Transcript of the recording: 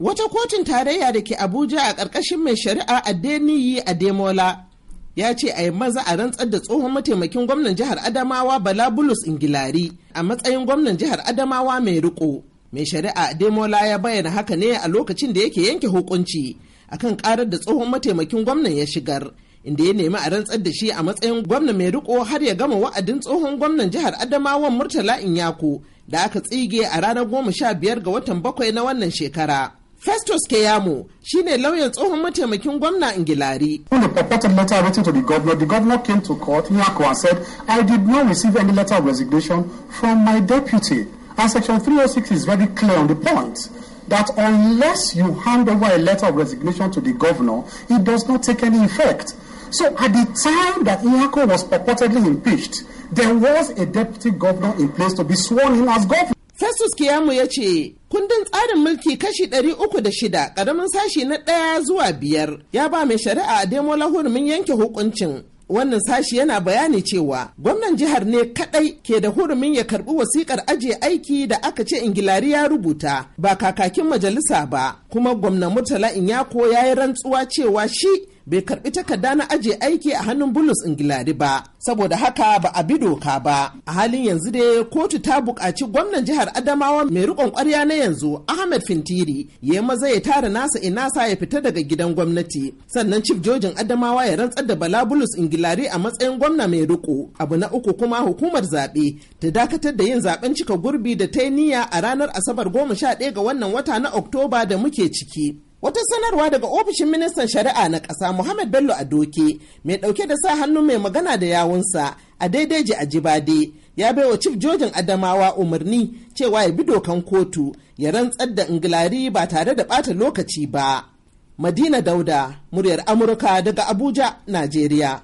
Wata kotun tarayya da ke Abuja a ƙarƙashin mai shari'a Adeniyi Ademola ya ce a yi maza a rantsar da tsohon mataimakin gwamnan jihar Adamawa Bala Bulus Ingilari a matsayin gwamnan jihar Adamawa mai riko. Mai shari'a Ademola ya bayyana haka ne a lokacin da yake yanke hukunci akan karar da tsohon mataimakin gwamnan ya shigar. Inda ya nemi a rantsar da shi a matsayin gwamna mai riko har ya gama wa'adin tsohon gwamnan jihar Adamawa Murtala Inyako da aka tsige a ranar goma sha biyar ga watan bakwai na wannan shekara. Festus Keyamo shine lauyan tsohon mataimakin gwamna Ingilari. When the purported letter written to the governor, the governor came to court, Nyako, and said, I did not receive any letter of resignation from my deputy. And section 306 is very clear on the point that unless you hand over a letter of resignation to the governor, it does not take any effect. So at the time that Nyako was purportedly impeached, there was a deputy governor in place to be sworn in as governor. Festus Keyamo ya ce kundin tsarin mulki kashi 306 karamin sashi na ɗaya zuwa biyar ya ba mai shari'a a demola hurumin yanke hukuncin wannan sashi yana bayani cewa gwamnan jihar ne kadai ke da hurumin ya karbi wasikar ajiye aiki da aka ce ingilari ya rubuta ba kakakin majalisa ba kuma gwamnan murtala inyako ya yi rantsuwa cewa shi bai karbi takarda na aje aiki a hannun bulus ingilari ba saboda haka ba a bi doka ba a halin yanzu dai kotu ta buƙaci gwamnan jihar adamawa mai rikon kwarya na yanzu ahmed fintiri ya maza ya tara nasa ina sa ya fita daga gidan gwamnati sannan cif jojin adamawa ya rantsar da bala bulus ingilari a matsayin gwamna mai riƙo abu na uku kuma hukumar zaɓe ta dakatar da yin zaɓen cika gurbi da ta niyya a ranar asabar goma sha ɗaya ga wannan wata na oktoba da muke ciki Wata sanarwa daga ofishin ministan shari'a na ƙasa Muhammad Bello a doke mai ɗauke da sa hannu mai magana da yawunsa a daidai ji a jibade ya baiwa cif jojin adamawa umarni cewa ya bi dokan kotu ya rantsar da ingilari ba tare da ɓata lokaci ba. Madina Dauda, muryar Amurka daga Abuja, Najeriya.